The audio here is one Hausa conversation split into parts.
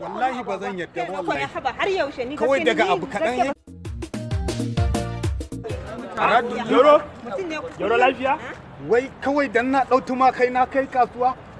wallahi ba zan yadda ba wallahi har yaushe ni kawai daga abu kadan kaɗan yoro yoro lafiya? Wai kawai dan na ɗautu ma kai na kai kasuwa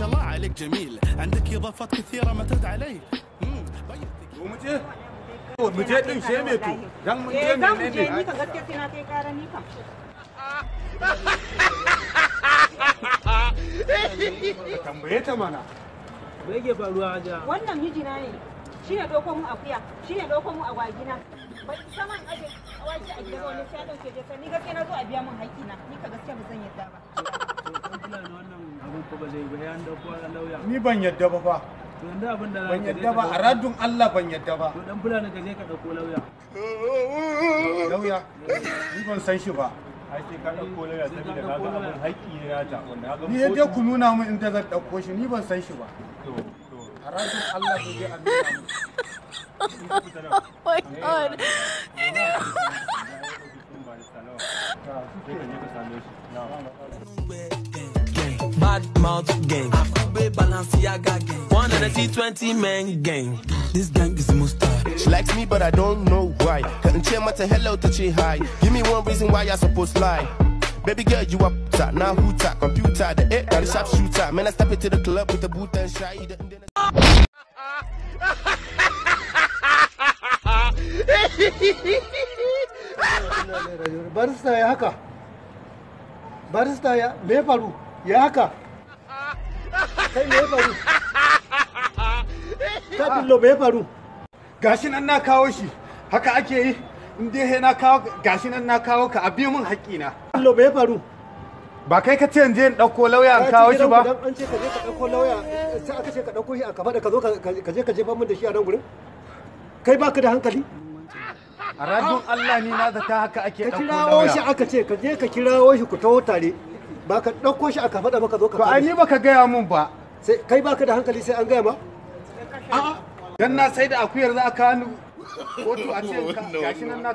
شاء الله عليك جميل عندك اضافات كثيره ما ترد علي مجھے مجھے تو شے میں تو رنگ مجھے میں نے نہیں نہیں भगत के सिना के कारण नहीं था tambaye ta mana me yake faruwa aja wannan mijina ne shi ne doko mu akuya shi ne doko mu agwagina bai isa man aje awaki a gidan wani sai dauke je ka ni gaskiya na zo a biya mun haƙi na ni ka gaskiya ba zan yadda ba ni ban yadda ba fa ban yadda ba a radun Allah ban yadda ba bula ka ka dauko lauya lauya ni ban san shi ba ya ta ni yadda ku nuna min inda zan dauko shi ni ban san shi ba a radun Allah ku je a nuna Oh my god. Eh, Bad mouth gang, Akube Balenciaga gang, One C twenty men gang. This gang is the most tired. She likes me, but I don't know why. Couldn't tell my to hello to she hi. Give me one reason why I supposed to lie. Baby girl, you up top, now who top? Computer, the it, got a shop shooter. Man, I step into the club with the boot and shy. Barista ya haka. barista ya me faru ya haka kai me faru ta dillo me faru gashi nan na kawo shi haka ake yi in dai he na kawo gashi nan na kawo ka abi min na dillo me faru ba kai ka ce yanzu je in ɗauko lauya in kawo shi ba an ce ka je ka ɗauko lauya sai aka ce ka ɗauko shi a kafa da ka zo ka je ka jefa min da shi a nan gurin kai baka da hankali a Allah ni na zata haka ake ɗauko lauya. Ka kirawo shi aka ce ka je ka kirawo shi ku taho tare ba ka ɗauko shi aka faɗa maka zo ka To ai ni baka gaya mun ba. Sai kai baka da hankali sai an gaya ma? A'a. Dan na sai da akuyar za a kawo to a ce gashi nan na